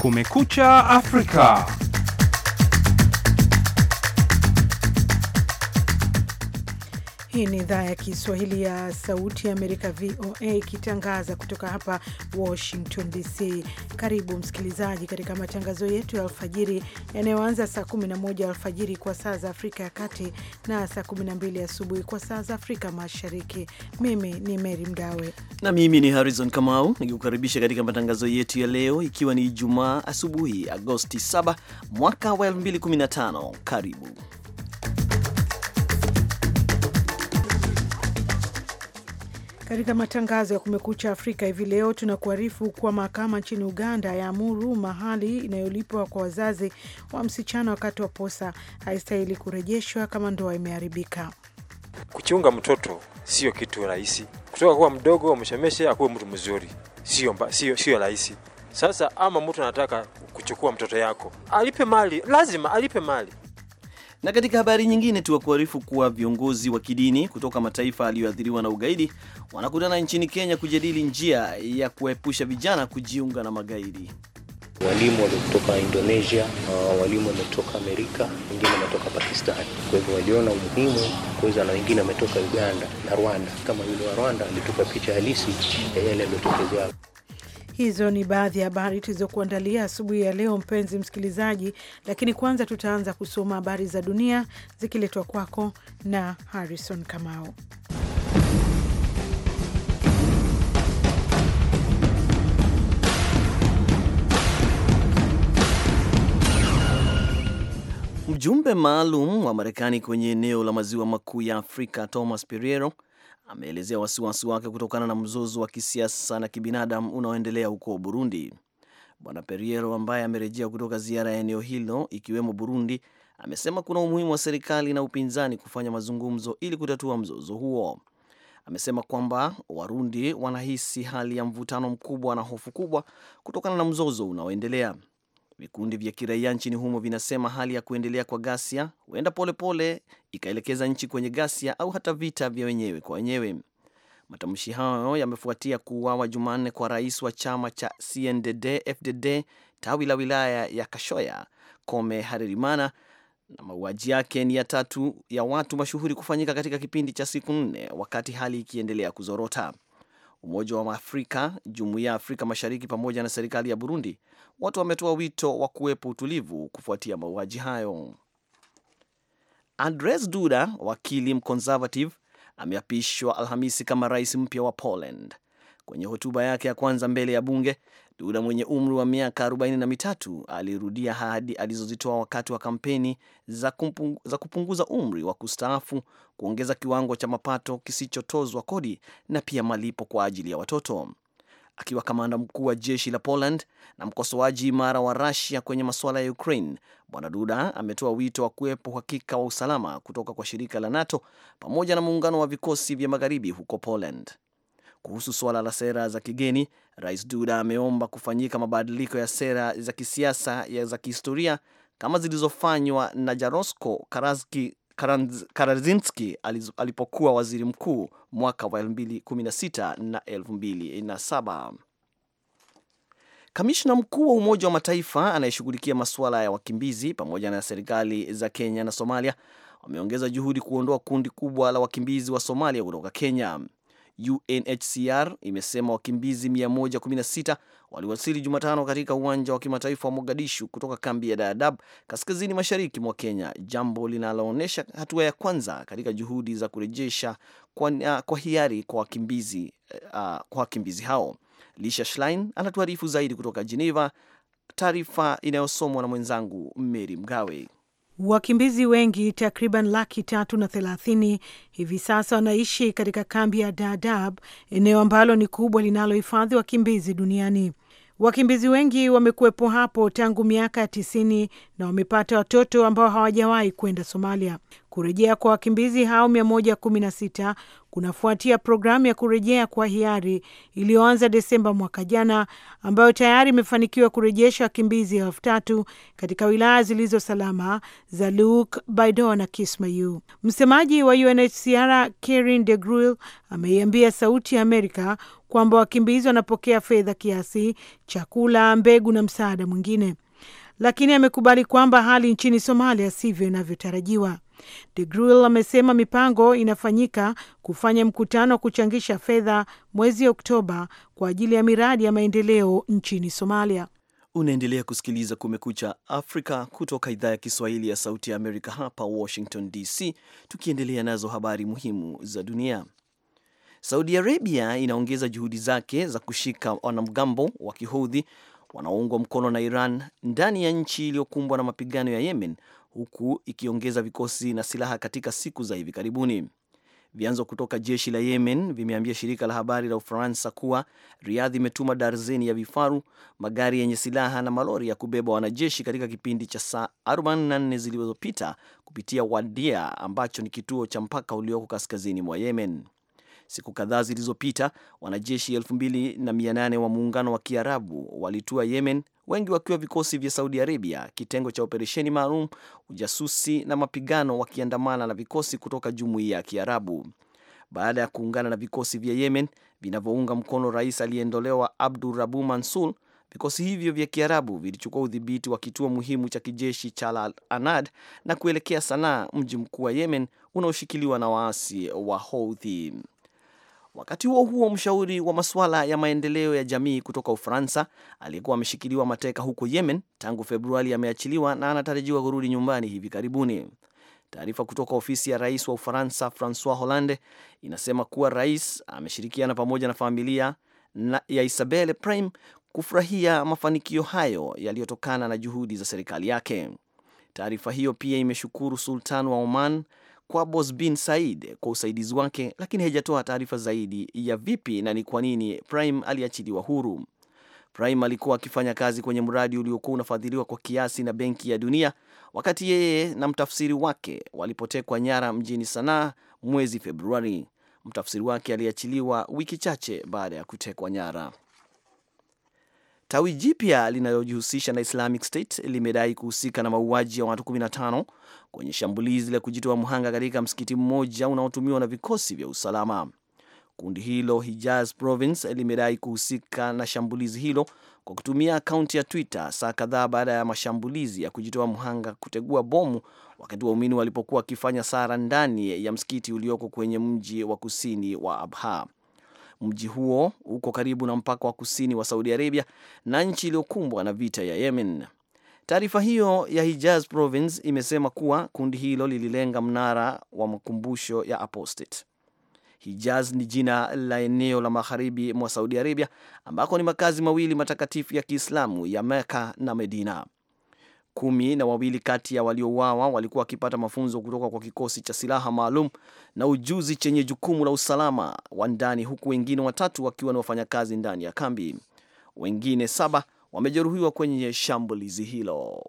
Kumekucha Afrika. Hii ni idhaa ya Kiswahili ya Sauti ya Amerika, VOA, ikitangaza kutoka hapa Washington DC. Karibu msikilizaji katika matangazo yetu ya alfajiri yanayoanza saa 11 alfajiri kwa saa za Afrika ya Kati na saa 12 asubuhi kwa saa za Afrika Mashariki. Mimi ni Mary Mgawe na mimi ni Harrison Kamau nikikukaribisha katika matangazo yetu ya leo, ikiwa ni Ijumaa asubuhi, Agosti 7 mwaka wa 2015. Karibu Katika matangazo ya Kumekucha Afrika hivi leo tunakuarifu kuwa mahakama nchini Uganda yaamuru mahali inayolipwa kwa wazazi wa msichana wakati wa posa haistahili kurejeshwa kama ndoa imeharibika. Kuchunga mtoto sio kitu rahisi, kutoka kuwa mdogo umshemeshe akuwe mtu mzuri sio sio sio rahisi. Sasa ama mtu anataka kuchukua mtoto yako, alipe mali, lazima alipe mali na katika habari nyingine tuwa kuharifu kuwa viongozi wa kidini kutoka mataifa yaliyoathiriwa na ugaidi wanakutana nchini Kenya kujadili njia ya kuepusha vijana kujiunga na magaidi. Walimu waliotoka Indonesia, uh, walimu wametoka Amerika, wengine wametoka pakistan Kwa hivyo waliona umuhimu kuweza, na wengine wametoka Uganda na Rwanda, kama yule wa Rwanda alitupa picha halisi ya yale yaliyotokezea. Hizo ni baadhi ya habari tulizokuandalia asubuhi ya leo, mpenzi msikilizaji, lakini kwanza tutaanza kusoma habari za dunia zikiletwa kwako na Harrison Kamau. Mjumbe maalum wa Marekani kwenye eneo la maziwa makuu ya Afrika Thomas periero ameelezea wasiwasi wake kutokana na mzozo wa kisiasa na kibinadamu unaoendelea huko Burundi. Bwana Periero ambaye amerejea kutoka ziara ya eneo hilo ikiwemo Burundi, amesema kuna umuhimu wa serikali na upinzani kufanya mazungumzo ili kutatua mzozo huo. Amesema kwamba Warundi wanahisi hali ya mvutano mkubwa na hofu kubwa kutokana na mzozo unaoendelea. Vikundi vya kiraia nchini humo vinasema hali ya kuendelea kwa ghasia huenda polepole ikaelekeza nchi kwenye ghasia au hata vita vya wenyewe kwa wenyewe. Matamshi hayo yamefuatia kuuawa Jumanne kwa rais wa chama cha CNDD-FDD tawi la wilaya ya Kashoya, Kome Haririmana, na mauaji yake ni ya tatu ya watu mashuhuri kufanyika katika kipindi cha siku nne, wakati hali ikiendelea kuzorota. Umoja wa Afrika, Jumuiya ya Afrika Mashariki pamoja na serikali ya Burundi watu wametoa wito wa kuwepo utulivu kufuatia mauaji hayo. andres Duda, wakili mconservative, ameapishwa Alhamisi kama rais mpya wa Poland. Kwenye hotuba yake ya kwanza mbele ya bunge, Duda mwenye umri wa miaka 43 alirudia ahadi alizozitoa wakati wa kampeni za, kumpungu, za kupunguza umri wa kustaafu, kuongeza kiwango cha mapato kisichotozwa kodi na pia malipo kwa ajili ya watoto. Akiwa kamanda mkuu wa jeshi la Poland na mkosoaji imara wa rasia kwenye masuala ya Ukraine, Bwana Duda ametoa wito wa kuwepo uhakika wa usalama kutoka kwa shirika la NATO pamoja na muungano wa vikosi vya magharibi huko Poland. Kuhusu suala la sera za kigeni, Rais Duda ameomba kufanyika mabadiliko ya sera za kisiasa za kihistoria kama zilizofanywa na Jarosko Karazki, Karazinski alipokuwa waziri mkuu mwaka wa 2016 na 2007. Kamishna mkuu wa Umoja wa Mataifa anayeshughulikia masuala ya wakimbizi pamoja na serikali za Kenya na Somalia wameongeza juhudi kuondoa kundi kubwa la wakimbizi wa Somalia kutoka Kenya. UNHCR imesema wakimbizi 116 waliwasili Jumatano katika uwanja wa kimataifa wa Mogadishu kutoka kambi ya Dadaab kaskazini mashariki mwa Kenya, jambo linaloonyesha hatua ya kwanza katika juhudi za kurejesha kwa, ah, kwa hiari kwa wakimbizi, uh, kwa wakimbizi hao. Lisha Schlein anatuarifu zaidi kutoka Geneva, taarifa inayosomwa na mwenzangu Mary Mgawe. Wakimbizi wengi takriban laki tatu na thelathini hivi sasa wanaishi katika kambi ya Dadaab, eneo ambalo ni kubwa linalohifadhi wakimbizi duniani. Wakimbizi wengi wamekuwepo hapo tangu miaka ya tisini na wamepata watoto ambao hawajawahi kwenda Somalia. Kurejea kwa wakimbizi hao 116 kunafuatia programu ya kurejea kwa hiari iliyoanza Desemba mwaka jana, ambayo tayari imefanikiwa kurejesha wakimbizi elfu tatu katika wilaya zilizo salama za luk Baidoa na Kismayu. Msemaji wa UNHCR Karin de Gruil ameiambia Sauti ya Amerika kwamba wakimbizi wanapokea fedha kiasi, chakula, mbegu na msaada mwingine, lakini amekubali kwamba hali nchini Somalia sivyo inavyotarajiwa. De Gruel amesema mipango inafanyika kufanya mkutano wa kuchangisha fedha mwezi Oktoba kwa ajili ya miradi ya maendeleo nchini Somalia. Unaendelea kusikiliza Kumekucha Afrika kutoka idhaa ya Kiswahili ya Sauti ya Amerika, hapa Washington DC, tukiendelea nazo habari muhimu za dunia. Saudi Arabia inaongeza juhudi zake za kushika wanamgambo wa Kihouthi wanaoungwa mkono na Iran ndani ya nchi iliyokumbwa na mapigano ya Yemen, huku ikiongeza vikosi na silaha katika siku za hivi karibuni. Vyanzo kutoka jeshi la Yemen vimeambia shirika la habari la Ufaransa kuwa Riadhi imetuma darzeni ya vifaru, magari yenye silaha na malori ya kubeba wanajeshi katika kipindi cha saa 44 zilizopita kupitia Wadia ambacho ni kituo cha mpaka ulioko kaskazini mwa Yemen. Siku kadhaa zilizopita wanajeshi 2800 wa muungano wa Kiarabu walitua Yemen wengi wakiwa vikosi vya Saudi Arabia, kitengo cha operesheni maalum, ujasusi na mapigano, wakiandamana na vikosi kutoka jumuiya ya Kiarabu baada ya kuungana na vikosi vya Yemen vinavyounga mkono rais aliyeondolewa Abdu Rabu Mansur. Vikosi hivyo vya Kiarabu vilichukua udhibiti wa kituo muhimu cha kijeshi cha Al Anad na kuelekea Sanaa, mji mkuu wa Yemen unaoshikiliwa na waasi wa Houthi. Wakati huo huo, mshauri wa masuala ya maendeleo ya jamii kutoka Ufaransa aliyekuwa ameshikiliwa mateka huko Yemen tangu Februari ameachiliwa na anatarajiwa kurudi nyumbani hivi karibuni. Taarifa kutoka ofisi ya rais wa Ufaransa Francois Hollande inasema kuwa rais ameshirikiana pamoja na familia na ya Isabelle Prime kufurahia mafanikio hayo yaliyotokana na juhudi za serikali yake. Taarifa hiyo pia imeshukuru Sultan wa Oman Bos bin Said kwa usaidizi wake, lakini haijatoa taarifa zaidi ya vipi na ni kwa nini Prime aliachiliwa huru. Prime alikuwa akifanya kazi kwenye mradi uliokuwa unafadhiliwa kwa kiasi na Benki ya Dunia wakati yeye na mtafsiri wake walipotekwa nyara mjini Sanaa mwezi Februari. Mtafsiri wake aliachiliwa wiki chache baada ya kutekwa nyara. Tawi jipya linalojihusisha na Islamic State limedai kuhusika na mauaji ya watu 15 kwenye shambulizi la kujitoa mhanga katika msikiti mmoja unaotumiwa na vikosi vya usalama. Kundi hilo Hijaz Province limedai kuhusika na shambulizi hilo kwa kutumia akaunti ya Twitter saa kadhaa baada ya mashambulizi ya kujitoa mhanga kutegua bomu wakati waumini walipokuwa wakifanya sara ndani ya msikiti ulioko kwenye mji wa kusini wa Abha. Mji huo uko karibu na mpaka wa kusini wa Saudi Arabia na nchi iliyokumbwa na vita ya Yemen. Taarifa hiyo ya Hijaz Province imesema kuwa kundi hilo lililenga mnara wa makumbusho ya apostate. Hijaz ni jina la eneo la magharibi mwa Saudi Arabia ambako ni makazi mawili matakatifu ya Kiislamu ya Meka na Medina. Kumi na wawili kati ya waliouawa walikuwa wakipata mafunzo kutoka kwa kikosi cha silaha maalum na ujuzi chenye jukumu la usalama wa ndani, huku wengine watatu wakiwa ni wafanyakazi ndani ya kambi. Wengine saba wamejeruhiwa kwenye shambulizi hilo.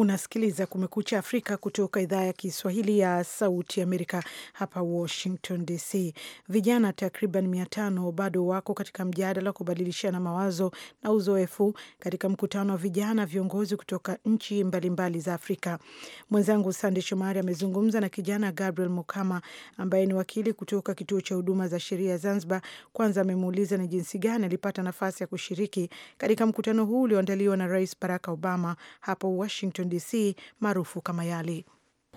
Unasikiliza Kumekucha Afrika kutoka idhaa ya Kiswahili ya Sauti Amerika hapa Washington DC. Vijana takriban mia tano bado wako katika mjadala wa kubadilishana mawazo na uzoefu katika mkutano wa vijana viongozi kutoka nchi mbalimbali mbali za Afrika. Mwenzangu Sande Shomari amezungumza na kijana Gabriel Mukama ambaye ni wakili kutoka kituo cha huduma za sheria Zanzibar. Kwanza amemuuliza ni jinsi gani alipata nafasi ya kushiriki katika mkutano huu ulioandaliwa na Rais Barack Obama hapa Washington DC maarufu kama YALI.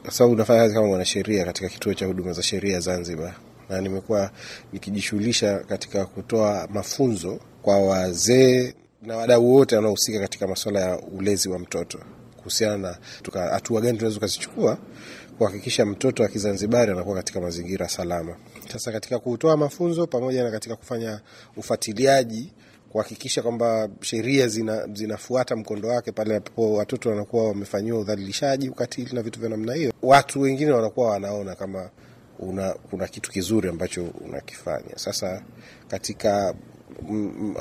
Kwa sababu nafanya kazi kama mwanasheria katika kituo cha huduma za sheria Zanzibar, na nimekuwa nikijishughulisha katika kutoa mafunzo kwa wazee na wadau wote wanaohusika katika masuala ya ulezi wa mtoto kuhusiana na hatua gani tunaweza tukazichukua kuhakikisha mtoto wa Kizanzibari anakuwa katika mazingira salama. Sasa katika kutoa mafunzo pamoja na katika kufanya ufuatiliaji kuhakikisha kwamba sheria zina, zinafuata mkondo wake pale ambapo watoto wanakuwa wamefanyiwa udhalilishaji, ukatili na vitu vya namna hiyo. Watu wengine wanakuwa wanaona kama una, kuna kitu kizuri ambacho unakifanya. Sasa katika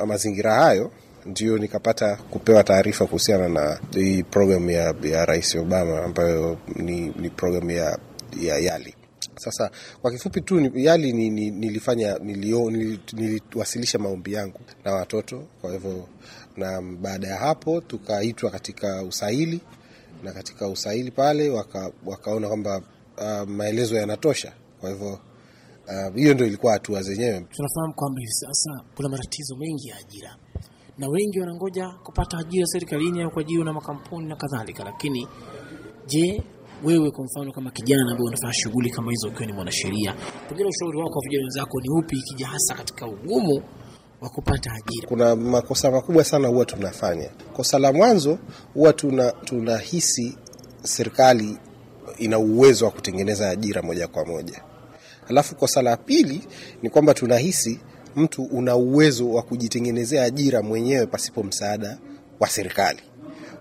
mazingira hayo ndio nikapata kupewa taarifa kuhusiana na hii programu ya, ya Rais Obama ambayo ni, ni programu ya, ya YALI sasa kwa kifupi tu yali ni, ni, nilifanya nilio, nil, niliwasilisha maombi yangu na watoto. Kwa hivyo na baada ya hapo tukaitwa katika usaili na katika usaili pale waka, wakaona kwamba uh, maelezo yanatosha. Kwa hivyo ah, hiyo uh, ndio ilikuwa hatua zenyewe. Tunafahamu kwamba hivi sasa kuna matatizo mengi ya ajira na wengi wanangoja kupata ajira serikalini au kuajiriwa na makampuni na kadhalika, lakini je, wewe kwa mfano kama kijana ambaye unafanya shughuli kama hizo ukiwa ni mwanasheria, pengine ushauri wako kwa vijana wenzako ni upi, ikija hasa katika ugumu wa kupata ajira? Kuna makosa makubwa sana huwa tunafanya. Kosa la mwanzo huwa tuna tunahisi serikali ina uwezo wa kutengeneza ajira moja kwa moja, alafu kosa la pili ni kwamba tunahisi mtu una uwezo wa kujitengenezea ajira mwenyewe pasipo msaada wa serikali.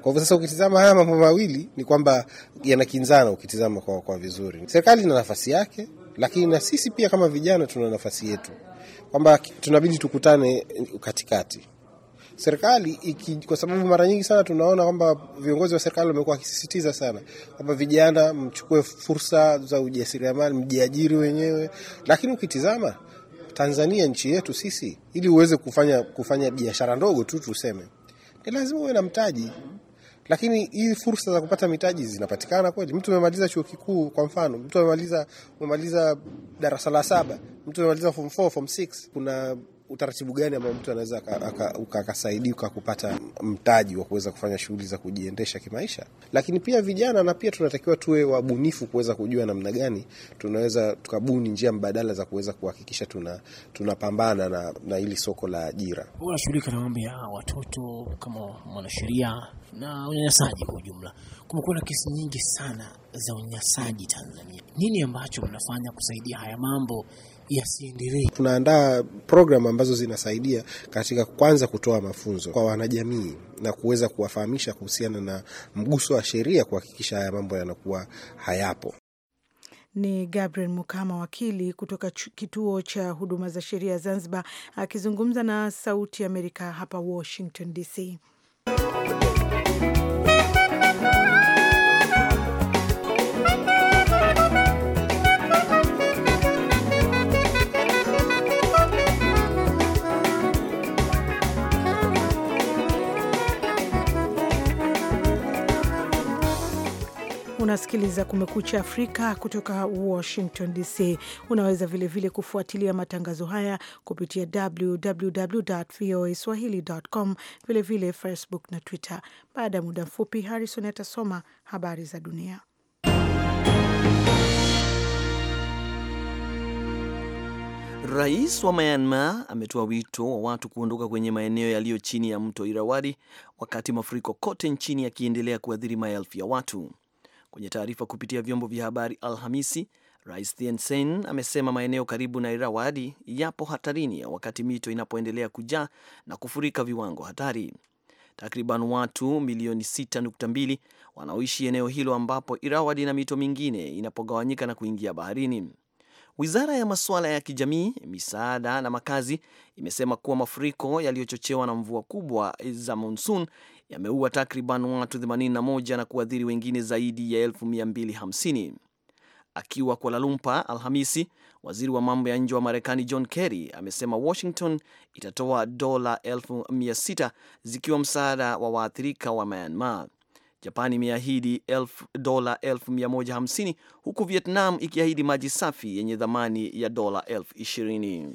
Kwa hivyo sasa, ukitizama haya mambo mawili ni kwamba yanakinzana, ukitizama kwa, kwa vizuri. Serikali ina nafasi yake, lakini na sisi pia kama vijana tuna nafasi yetu, kwamba tunabidi tukutane katikati serikali iki, kwa sababu mara nyingi sana tunaona kwamba viongozi wa serikali wamekuwa wakisisitiza sana kwamba vijana mchukue fursa za ujasiriamali, mjiajiri wenyewe, lakini ukitizama Tanzania nchi yetu sisi, ili uweze kufanya kufanya biashara ndogo tu tuseme, ni lazima uwe na mtaji. Lakini hii fursa za kupata mitaji zinapatikana kweli? Mtu amemaliza chuo kikuu kwa mfano, mtu amemaliza amemaliza darasa la saba, mtu amemaliza form 4, form 6, kuna utaratibu gani ambao mtu anaweza akasaidika kupata mtaji wa kuweza kufanya shughuli za kujiendesha kimaisha? Lakini pia vijana na pia tunatakiwa tuwe wabunifu kuweza kujua namna gani tunaweza tukabuni njia mbadala za kuweza kuhakikisha tunapambana tuna na, na hili soko la ajira. Unashughulika na mambo ya watoto kama mwanasheria na unyanyasaji kwa ujumla. Kumekuwa na kesi nyingi sana za unyanyasaji Tanzania. Nini ambacho mnafanya kusaidia haya mambo yasiendelee. Tunaandaa programu ambazo zinasaidia katika kwanza kutoa mafunzo kwa wanajamii na kuweza kuwafahamisha kuhusiana na mguso wa sheria kuhakikisha haya mambo yanakuwa hayapo. Ni Gabriel Mukama, wakili kutoka kituo cha huduma za sheria Zanzibar, akizungumza na Sauti ya Amerika hapa Washington DC. Unasikiliza Kumekucha Afrika kutoka Washington DC. Unaweza vilevile kufuatilia matangazo haya kupitia www voa swahili.com, vilevile Facebook na Twitter. Baada ya muda mfupi, Harrison atasoma habari za dunia. Rais wa Myanmar ametoa wito wa watu kuondoka kwenye maeneo yaliyo chini ya mto Irrawaddy wakati mafuriko kote nchini yakiendelea kuathiri maelfu ya watu. Kwenye taarifa kupitia vyombo vya habari Alhamisi, Rais Thein Sein amesema maeneo karibu na Irawadi yapo hatarini wakati mito inapoendelea kujaa na kufurika viwango hatari. Takriban watu milioni 6.2 wanaoishi eneo hilo ambapo Irawadi na mito mingine inapogawanyika na kuingia baharini. Wizara ya masuala ya kijamii, misaada na makazi imesema kuwa mafuriko yaliyochochewa na mvua kubwa za monsun yameua takriban watu 81 na kuathiri wengine zaidi ya 250 Akiwa Kuala Lumpur Alhamisi, waziri wa mambo ya nje wa Marekani John Kerry amesema Washington itatoa dola 6 zikiwa msaada wa waathirika wa Myanmar japani imeahidi dola 150 huku Vietnam ikiahidi maji safi yenye thamani ya dola 20.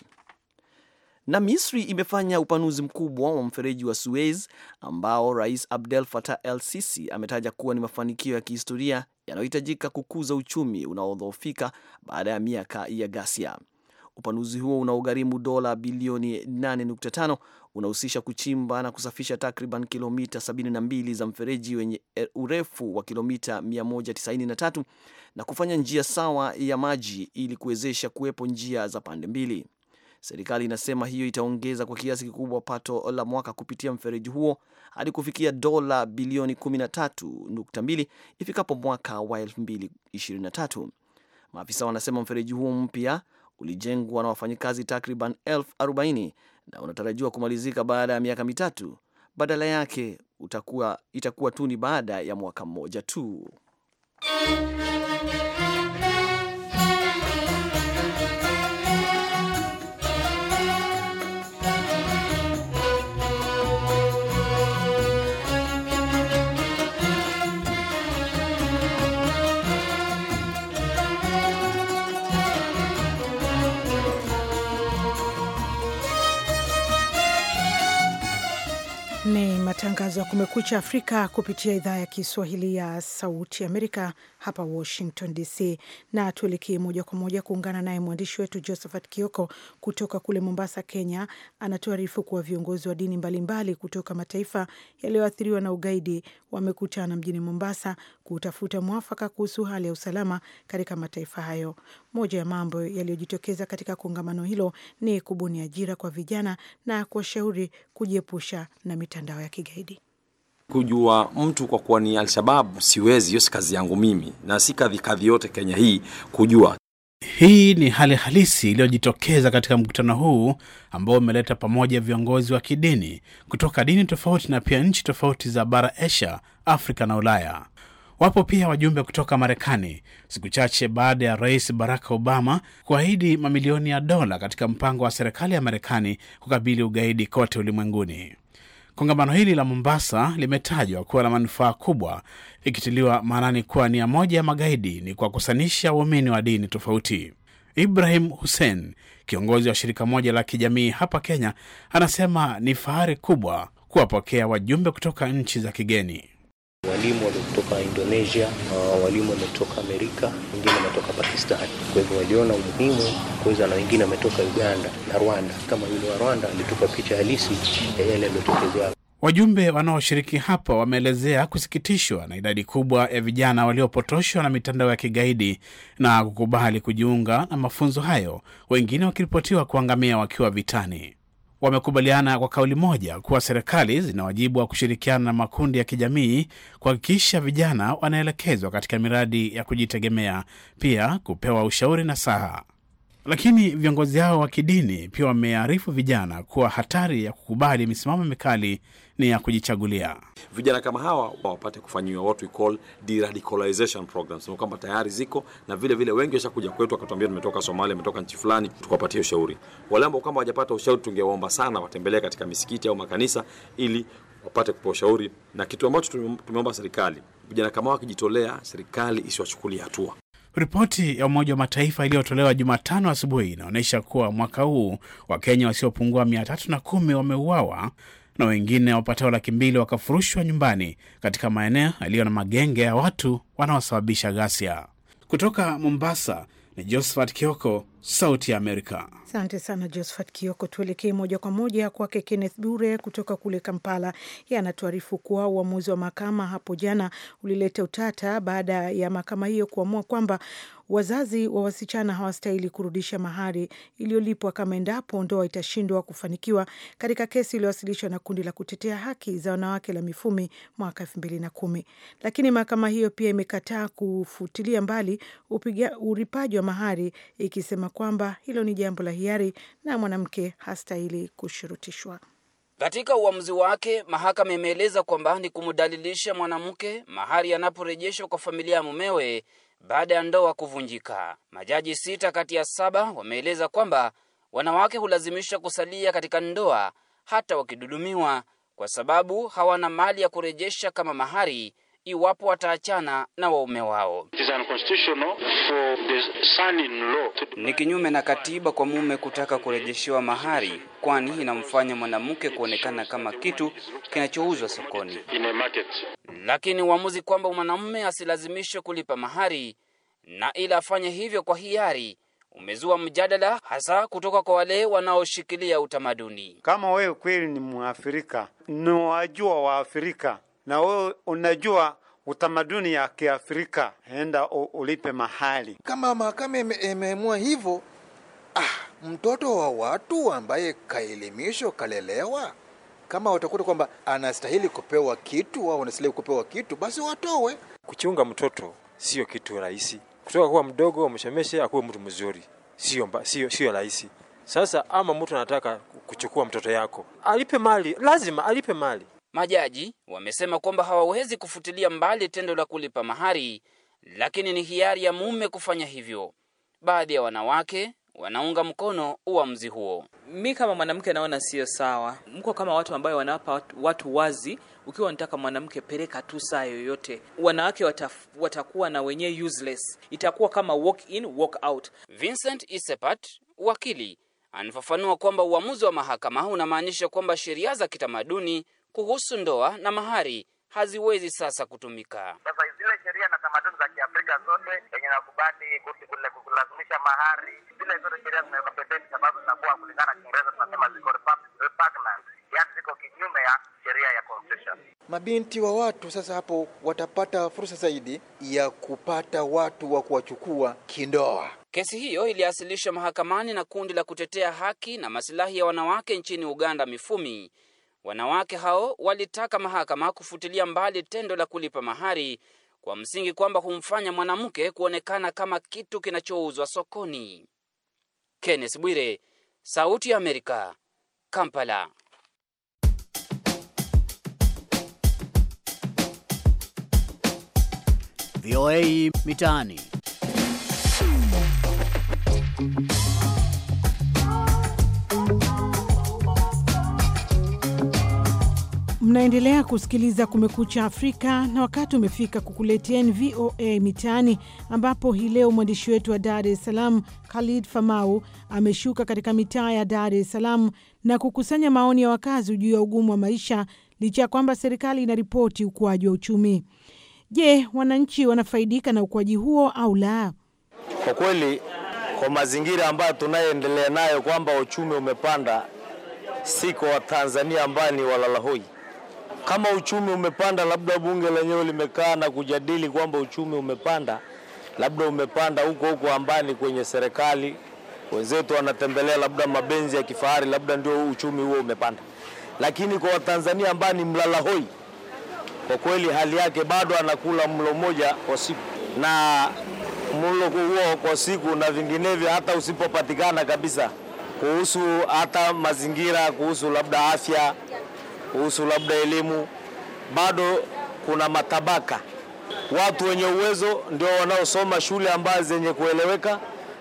Na Misri imefanya upanuzi mkubwa wa mfereji wa Suez ambao Rais Abdel Fattah El Sisi ametaja kuwa ni mafanikio ya kihistoria yanayohitajika kukuza uchumi unaodhoofika baada ya miaka ya ghasia. Upanuzi huo unaogharimu dola bilioni 8.5 unahusisha kuchimba na kusafisha takriban kilomita 72 za mfereji wenye urefu wa kilomita 193 na kufanya njia sawa ya maji ili kuwezesha kuwepo njia za pande mbili. Serikali inasema hiyo itaongeza kwa kiasi kikubwa pato la mwaka kupitia mfereji huo hadi kufikia dola bilioni 13.2 ifikapo mwaka wa 2023. Maafisa wanasema mfereji huo mpya ulijengwa na wafanyikazi takriban elfu na unatarajiwa kumalizika baada ya miaka mitatu. Badala yake utakuwa, itakuwa tu ni baada ya mwaka mmoja tu. Kumekucha Afrika kupitia idhaa ya Kiswahili ya Sauti Amerika hapa Washington DC, na tuelekee moja kwa moja kuungana naye mwandishi wetu Josephat Kioko kutoka kule Mombasa, Kenya. Anatuarifu kuwa viongozi wa dini mbalimbali mbali kutoka mataifa yaliyoathiriwa na ugaidi wamekutana mjini Mombasa kutafuta mwafaka kuhusu hali ya usalama katika mataifa hayo. Moja ya mambo yaliyojitokeza katika kongamano hilo ni kubuni ajira kwa vijana na kuwashauri kujiepusha na mitandao ya kigaidi. Kujua mtu kwa kuwa ni Alshababu siwezi, hiyo si kazi yangu mimi, na si kadhi kadhi yote Kenya hii kujua. Hii ni hali halisi iliyojitokeza katika mkutano huu ambao umeleta pamoja viongozi wa kidini kutoka dini tofauti na pia nchi tofauti za bara Asia, Afrika na Ulaya. Wapo pia wajumbe kutoka Marekani, siku chache baada ya Rais Barack Obama kuahidi mamilioni ya dola katika mpango wa serikali ya Marekani kukabili ugaidi kote ulimwenguni. Kongamano hili la Mombasa limetajwa kuwa na manufaa kubwa, ikitiliwa maanani kuwa nia moja ya magaidi ni kuwakusanisha waumini wa dini tofauti. Ibrahim Hussein, kiongozi wa shirika moja la kijamii hapa Kenya, anasema ni fahari kubwa kuwapokea wajumbe kutoka nchi za kigeni walimu waliotoka Indonesia, uh, walimu wametoka Amerika, wengine wametoka Pakistan. Kwa hivyo waliona umuhimu kuweza, na wengine wametoka Uganda na Rwanda. Kama yule wa Rwanda alitupa picha halisi ya yale yaliyotokezea. Wajumbe wanaoshiriki hapa wameelezea kusikitishwa na idadi kubwa ya vijana waliopotoshwa na mitandao ya kigaidi na kukubali kujiunga na mafunzo hayo, wengine wakiripotiwa kuangamia wakiwa vitani wamekubaliana kwa kauli moja kuwa serikali zina wajibu wa kushirikiana na makundi ya kijamii kuhakikisha vijana wanaelekezwa katika miradi ya kujitegemea, pia kupewa ushauri na saha. Lakini viongozi hao wa kidini pia wamearifu vijana kuwa hatari ya kukubali misimamo mikali ni ya kujichagulia. Vijana kama hawa wapate kufanyiwa what we call deradicalization programs, ni kwamba tayari ziko na vile vile, wengi washakuja kwetu wakatuambia tumetoka Somalia, tumetoka nchi fulani, tukawapatia ushauri. Wale ambao kama wajapata ushauri, tungewaomba sana watembelee katika misikiti au makanisa ili wapate kupewa ushauri, na kitu ambacho tumeomba serikali, vijana kama wakijitolea, serikali isiwachukulia hatua. Ripoti ya Umoja wa Mataifa iliyotolewa Jumatano asubuhi inaonyesha kuwa mwaka huu Wakenya wasiopungua mia tatu na kumi wameuawa na wengine wapatao laki mbili wakafurushwa nyumbani katika maeneo yaliyo na magenge ya watu wanaosababisha ghasia. Kutoka Mombasa ni Josephat Kioko, Sauti ya Amerika. Asante sana Josephat Kioko. Tuelekee moja kwa moja kwake Kenneth Bure kutoka kule Kampala. Yeye anatuarifu kuwa uamuzi wa mahakama hapo jana ulileta utata baada ya mahakama hiyo kuamua kwamba wazazi wa wasichana hawastahili kurudisha mahari iliyolipwa kama endapo ndoa itashindwa kufanikiwa katika kesi iliyowasilishwa na kundi la kutetea haki za wanawake la Mifumi mwaka elfu mbili na kumi. Lakini mahakama hiyo pia imekataa kufutilia mbali uripaji wa mahari ikisema kwamba hilo ni jambo la hiari na mwanamke hastahili kushurutishwa. Katika uamuzi wake, mahakama imeeleza kwamba ni kumdalilisha mwanamke mahari anaporejeshwa kwa familia ya mumewe baada ya ndoa kuvunjika. Majaji sita kati ya saba wameeleza kwamba wanawake hulazimishwa kusalia katika ndoa hata wakidudumiwa, kwa sababu hawana mali ya kurejesha kama mahari iwapo wataachana na waume wao. Ni kinyume na katiba kwa mume kutaka kurejeshewa mahari, kwani inamfanya mwanamke kuonekana kama kitu kinachouzwa sokoni. Lakini uamuzi kwamba mwanamume asilazimishwe kulipa mahari na ila afanye hivyo kwa hiari umezua mjadala hasa kutoka kwa wale wanaoshikilia utamaduni. Kama wewe kweli ni Mwafrika ni wajua Waafrika na wewe unajua utamaduni ya Kiafrika, enda ulipe mahali. Kama mahakama imeamua hivyo, ah, mtoto wa watu ambaye kaelimishwa kalelewa, kama watakuta kwamba anastahili kupewa kitu au anastahili kupewa kitu, basi watowe. Kuchunga mtoto sio kitu rahisi, kutoka kuwa mdogo wamshemeshe akuwe mtu mzuri, sio sio sio rahisi. Sasa ama mtu anataka kuchukua mtoto yako, alipe mali, lazima alipe mali Majaji wamesema kwamba hawawezi kufutilia mbali tendo la kulipa mahari, lakini ni hiari ya mume kufanya hivyo. Baadhi ya wanawake wanaunga mkono uamuzi huo. Mi kama mwanamke naona sio sawa. Mko kama watu ambayo wanawapa watu wazi, ukiwa unataka mwanamke peleka tu saa yoyote. Wanawake wataf, watakuwa na wenyewe useless, itakuwa kama walk in walk out. Vincent Isepat, wakili, anafafanua kwamba uamuzi wa mahakama unamaanisha kwamba sheria za kitamaduni kuhusu ndoa na mahari haziwezi sasa kutumika. Sasa zile sheria na tamaduni za Kiafrika zote yenye nakubali kulazimisha mahari, zile zote sheria zinaweka pembeni, sababu zinakuwa kulingana na Kiingereza tunasema ziko repugnant, yaani ziko kinyume ya sheria ya constitution. Mabinti wa watu sasa hapo watapata fursa zaidi ya kupata watu wa kuwachukua kindoa. Kesi hiyo iliasilishwa mahakamani na kundi la kutetea haki na masilahi ya wanawake nchini Uganda, Mifumi Wanawake hao walitaka mahakama kufutilia mbali tendo la kulipa mahari kwa msingi kwamba humfanya mwanamke kuonekana kama kitu kinachouzwa sokoni. Kenneth Bwire, Sauti ya Amerika, Kampala. VOA Mitaani. Mnaendelea kusikiliza Kumekucha Afrika na wakati umefika kukuleteni VOA Mitaani, ambapo hii leo mwandishi wetu wa Dar es Salaam Khalid Famau ameshuka katika mitaa ya Dar es Salaam na kukusanya maoni ya wakazi juu ya ugumu wa maisha, licha ya kwamba serikali inaripoti ukuaji wa uchumi. Je, wananchi wanafaidika na ukuaji huo au la? Kwa kweli, kwa mazingira ambayo tunayoendelea nayo kwamba uchumi umepanda, siko Watanzania ambayo ni walalahoi kama uchumi umepanda, labda bunge lenyewe limekaa na kujadili kwamba uchumi umepanda, labda umepanda huko huko ambani kwenye serikali, wenzetu wanatembelea labda mabenzi ya kifahari, labda ndio uchumi huo umepanda. Lakini kwa Watanzania ambani ni mlala hoi, kwa kweli hali yake bado anakula mlo mmoja kwa siku na mlo huo kwa siku na vinginevyo, hata usipopatikana kabisa, kuhusu hata mazingira, kuhusu labda afya kuhusu labda elimu, bado kuna matabaka. Watu wenye uwezo ndio wanaosoma shule ambazo zenye kueleweka,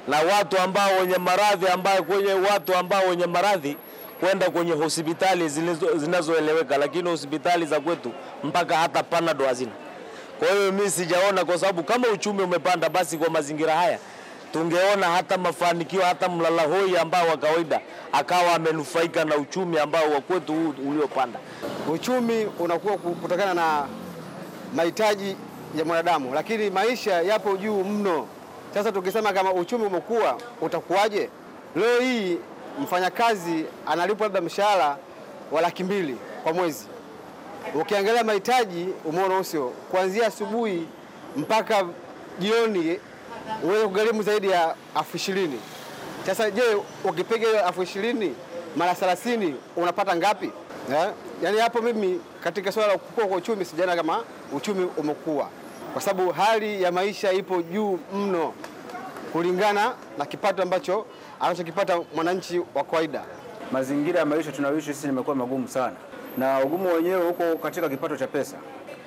na watu ambao wenye maradhi ambao kwenye watu ambao wenye maradhi kwenda kwenye hospitali zinazoeleweka, lakini hospitali za kwetu mpaka hata panado hazina. Kwa hiyo mimi sijaona, kwa sababu kama uchumi umepanda, basi kwa mazingira haya tungeona hata mafanikio hata mlalahoi ambao wa kawaida akawa amenufaika na uchumi ambao wa kwetu huu uliopanda. Uchumi unakuwa kutokana na mahitaji ya mwanadamu, lakini maisha yapo juu mno. Sasa tukisema kama uchumi umekuwa utakuwaje? Leo hii mfanyakazi analipwa labda mshahara wa laki mbili kwa mwezi, ukiangalia mahitaji umeona usio, kuanzia asubuhi mpaka jioni uweze kugharimu zaidi ya elfu ishirini. Sasa je, ukipiga hiyo elfu ishirini mara thelathini unapata ngapi? Yeah. Yaani hapo mimi katika suala la kukua kwa uchumi sijana kama uchumi umekuwa, kwa sababu hali ya maisha ipo juu mno kulingana na kipato ambacho anachokipata mwananchi wa kawaida. Mazingira ya maisha tunayoishi sisi nimekuwa magumu sana, na ugumu wenyewe huko katika kipato cha pesa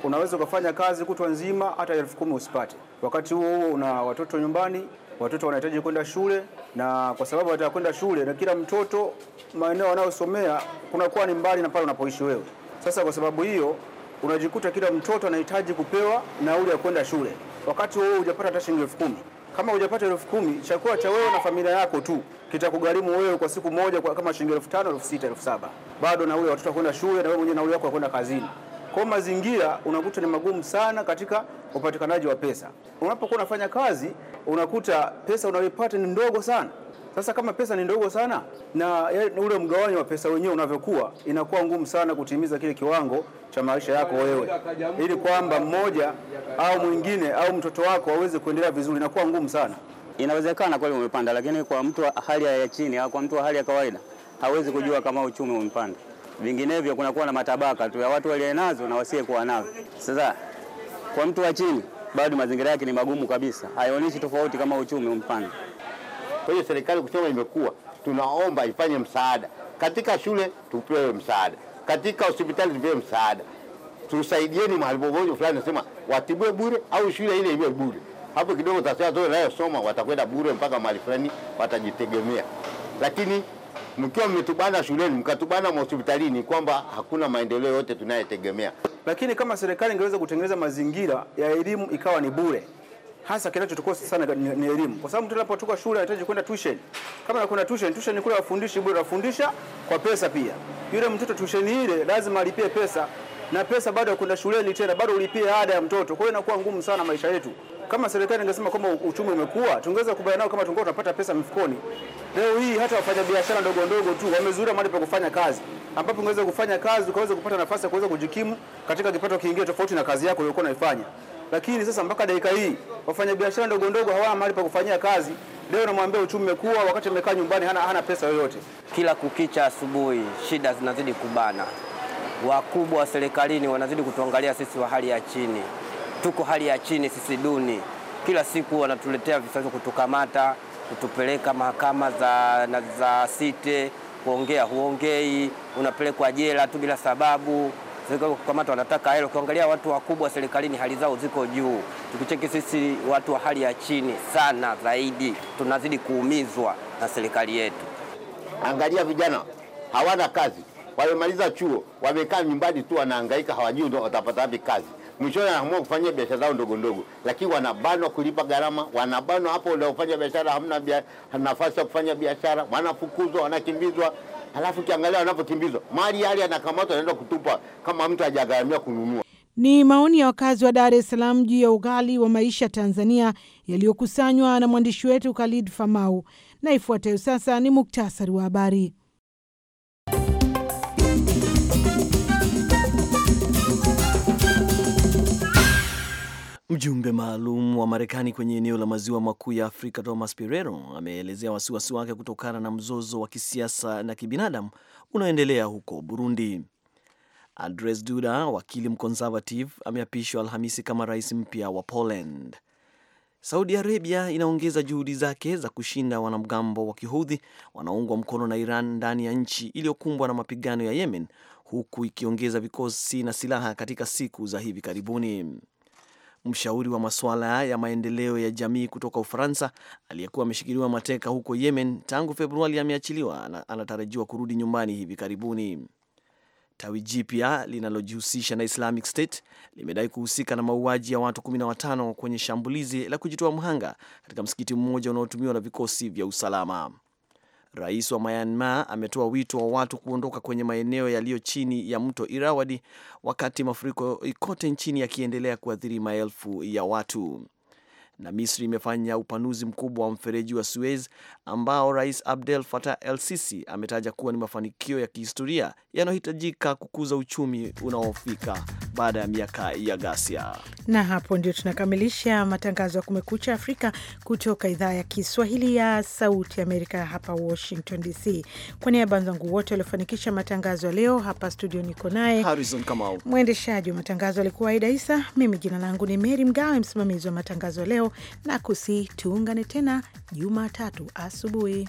unaweza ukafanya kazi kutwa nzima hata elfu kumi usipate. Wakati huo huo una watoto nyumbani, watoto wanahitaji kwenda shule, na kwa sababu wanataka kwenda shule na kila mtoto maeneo anayosomea kunakuwa ni mbali na pale unapoishi wewe. Sasa kwa sababu hiyo unajikuta kila mtoto anahitaji kupewa nauli ya kwenda shule, wakati huo hujapata hata shilingi elfu kumi. Kama hujapata elfu kumi, chakula cha wewe na familia yako tu kitakugharimu wewe kwa siku moja kwa kama shilingi elfu tano, elfu sita, elfu saba. Bado nauli ya watoto kwenda shule na wewe mwenyewe nauli yako ya kwenda kazini. Kwa mazingira unakuta ni magumu sana katika upatikanaji wa pesa. Unapokuwa unafanya kazi unakuta pesa unayoipata ni ndogo sana. Sasa kama pesa ni ndogo sana na yaani ule mgawanyo wa pesa wenyewe unavyokuwa, inakuwa ngumu sana kutimiza kile kiwango cha maisha yako wewe, ili kwamba mmoja au mwingine au mtoto wako aweze kuendelea vizuri, inakuwa ngumu sana. Inawezekana kweli umepanda, lakini kwa mtu wa hali ya chini au kwa mtu wa hali ya kawaida hawezi kujua kama uchumi umepanda vinginevyo kunakuwa na matabaka tu ya watu nazo na wasiyekuwa navyo. Sasa kwa mtu wa chini bado mazingira yake ni magumu kabisa, haionyeshi tofauti kama uchumi umpanda. Kwa hiyo serikali kusema imekuwa, tunaomba ifanye msaada katika shule, tupewe msaada katika hospitali, tupewe msaada, tusaidieni mahali pogonjwa fulani, nasema watibue bure au shule ile iwe bure. Hapo kidogo tasema nayosoma watakwenda bure mpaka mahali fulani watajitegemea, lakini mkiwa mmetubana shuleni mkatubana hospitalini kwamba hakuna maendeleo yote tunayetegemea. Lakini kama serikali ingeweza kutengeneza mazingira ya elimu ikawa ni bure, hasa kinachotukosa sana ni, ni elimu, kwa sababu mtu anapotoka shule anahitaji kwenda tuition. Kama kuna tuition, tuition ni kule wafundishi bure, wafundisha kwa pesa pia. Yule mtoto tuition ile lazima alipie pesa, na pesa bado ya kwenda shuleni tena, bado ulipie ada ya mtoto. Kwa hiyo inakuwa ngumu sana maisha yetu kama serikali ingesema kwamba uchumi umekuwa, tungeweza kubaya nao kama tungekuwa tunapata pesa mfukoni. Leo hii hata wafanya biashara ndogo ndogo tu wamezuria mahali pa kufanya kazi, ambapo ungeweza kufanya kazi ukaweza kupata nafasi ya kuweza kujikimu katika kipato kingine tofauti na kazi yako uliyokuwa unaifanya. Lakini sasa mpaka dakika hii wafanya biashara ndogo ndogo hawana mahali pa kufanyia kazi. Leo namwambia uchumi umekuwa, wakati amekaa nyumbani hana, hana pesa yoyote. Kila kukicha asubuhi shida zinazidi kubana, wakubwa wa serikalini wanazidi kutuangalia sisi wa hali ya chini tuko hali ya chini sisi, duni. Kila siku wanatuletea visa kutukamata, kutupeleka mahakama za, na za site, kuongea huongei, unapelekwa jela tu bila sababu kukamata wanataka hilo. Ukiangalia watu wakubwa serikalini hali zao ziko juu, tukicheki sisi watu wa hali ya chini sana zaidi, tunazidi kuumizwa na serikali yetu. Angalia vijana hawana kazi, wamemaliza chuo, wamekaa nyumbani tu, wanahangaika, hawajui watapata wapi kazi mwishoni anaamua kufanya biashara zao ndogo ndogo, lakini wanabanwa kulipa gharama, wanabanwa hapo unaofanya biashara, hamna bia, nafasi ya kufanya biashara, wanafukuzwa, wanakimbizwa. Halafu ukiangalia wanapokimbizwa, mali yale yanakamatwa, anaenda kutupa kama mtu hajagharamia kununua. Ni maoni ya wakazi wa Dar es Salaam juu ya ughali wa maisha Tanzania yaliyokusanywa na mwandishi wetu Khalid Famau, na ifuatayo sasa ni muktasari wa habari. Mjumbe maalum wa Marekani kwenye eneo la maziwa makuu ya Afrika Thomas pirero ameelezea wasiwasi wake kutokana na mzozo wa kisiasa na kibinadamu unaoendelea huko Burundi. Andres Duda, wakili mconservative, ameapishwa Alhamisi kama rais mpya wa Poland. Saudi Arabia inaongeza juhudi zake za kushinda wanamgambo wa kihudhi wanaoungwa mkono na Iran ndani ya nchi iliyokumbwa na mapigano ya Yemen, huku ikiongeza vikosi na silaha katika siku za hivi karibuni mshauri wa masuala ya maendeleo ya jamii kutoka Ufaransa aliyekuwa ameshikiliwa mateka huko Yemen tangu Februari ameachiliwa, anatarajiwa kurudi nyumbani hivi karibuni. Tawi jipya linalojihusisha na Islamic State limedai kuhusika na mauaji ya watu 15 kwenye shambulizi la kujitoa mhanga katika msikiti mmoja unaotumiwa na vikosi vya usalama. Rais wa Myanmar ametoa wito wa watu kuondoka kwenye maeneo yaliyo chini ya mto Irrawaddy wakati mafuriko kote nchini yakiendelea kuathiri maelfu ya watu. Na Misri imefanya upanuzi mkubwa wa mfereji wa Suez ambao Rais Abdel Fattah El-Sisi ametaja kuwa ni mafanikio ya kihistoria yanayohitajika kukuza uchumi unaofika baada ya miaka ya ghasia. Na hapo ndio tunakamilisha matangazo ya Kumekucha Afrika kutoka idhaa ya Kiswahili ya Sauti Amerika hapa Washington DC. Kwa niaba ya wenzangu wote waliofanikisha matangazo ya leo hapa studio, niko naye Harrison Kamau, mwendeshaji wa matangazo alikuwa Aida Isa, mimi jina langu ni Mary Mgawe, msimamizi wa matangazo leo, na kusi tuungane tena Jumatatu asubuhi.